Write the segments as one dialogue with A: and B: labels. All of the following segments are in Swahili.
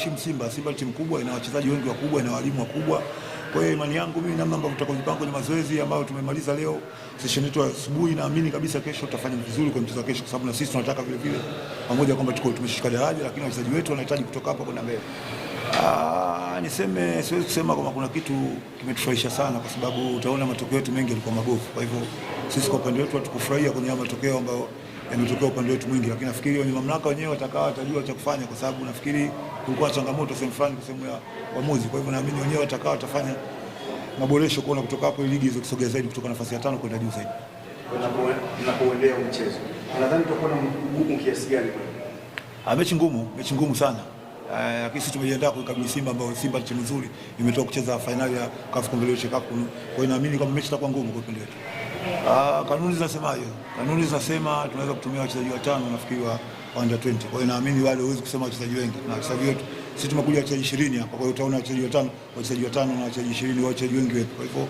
A: Timu Simba, Simba timu kubwa, ina wachezaji wengi wakubwa, ina walimu wakubwa. Kwa hiyo imani yangu mimi, namna ambavyo tutakojipanga kwenye mazoezi ambayo tumemaliza leo session yetu asubuhi, naamini kabisa kesho tutafanya vizuri kwa mchezo wa kesho, kwa sababu na sisi tunataka vile vile, pamoja kwamba tuko tumeshika daraja, lakini wachezaji wetu wanahitaji kutoka hapa kwenda mbele. Ah, niseme siwezi kusema kama kuna kitu kimetufurahisha sana, kwa sababu utaona matokeo yetu mengi yalikuwa magofu. Kwa hivyo sisi kwa upande wetu hatukufurahia kwenye matokeo ambayo yametokea upande wetu mwingi, lakini nafikiri wenye mamlaka wenyewe watakaa, watajua cha kufanya, kwa sababu nafikiri kulikuwa na changamoto sehemu fulani, sehemu ya uamuzi. Kwa hivyo naamini wenyewe watakaa, watafanya maboresho kuona kutoka hapo ligi hizo kusogea zaidi kutoka nafasi ya tano kwenda juu zaidi.
B: Tunapoendea mchezo, nadhani tutakuwa na mgumu kiasi gani?
A: Ah, mechi ngumu, mechi ngumu sana eh, lakini sisi tumejiandaa kwa kabisa Simba ambao Simba ni timu nzuri imetoka kucheza fainali ya CAF Confederation Cup. Kwa hiyo naamini kwamba mechi itakuwa ngumu kwa upande wetu. Uh, kanuni zinasemaje? Kanuni zinasema tunaweza kutumia wachezaji watano nafikiri wa under 20. Kwa hiyo naamini wale huwezi kusema wachezaji wengi na wachezaji wetu sisi tumekuja wachezaji 20 hapa. Kwa hiyo utaona wachezaji watano, wachezaji watano na wachezaji 20 wa wachezaji wengi wetu. Kwa hivyo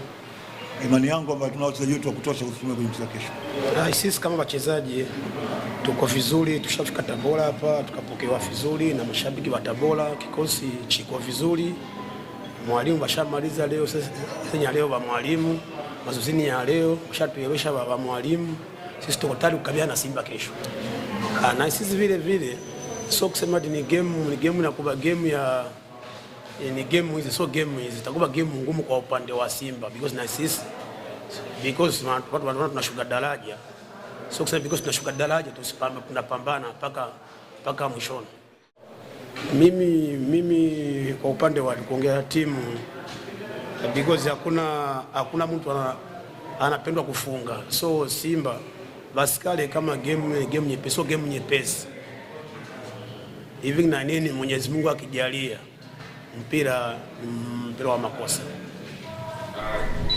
A: imani yangu kwamba tuna wachezaji wetu wa kutosha kutumia kwenye mchezo kesho.
C: Na sisi kama wachezaji tuko vizuri, tushafika Tabora hapa tukapokewa vizuri na mashabiki wa Tabora, kikosi chiko vizuri, mwalimu washamaliza leo sasa, leo ba mwalimu Mazozini ya leo ushatuelewesha wa mwalimu, sisi tuko tayari kukabiliana na Simba kesho. Ah, na sisi vile vile sio kusema ni game, ni game na kuba game ya eh, ni game hizi, sio game hizi, takuba game ngumu kwa upande wa Simba because na sisi because watu wanaona tunashuka daraja, sio kusema because tunashuka daraja tusipambe, tunapambana mpaka mpaka mwishoni. Mimi mimi kwa upande wa kuongea timu because hakuna hakuna mtu anapendwa kufunga, so Simba basikale kama game game nyepesi, so game nyepesi hivi na nini. Mwenyezi Mungu akijalia mpira mpira wa makosa ah.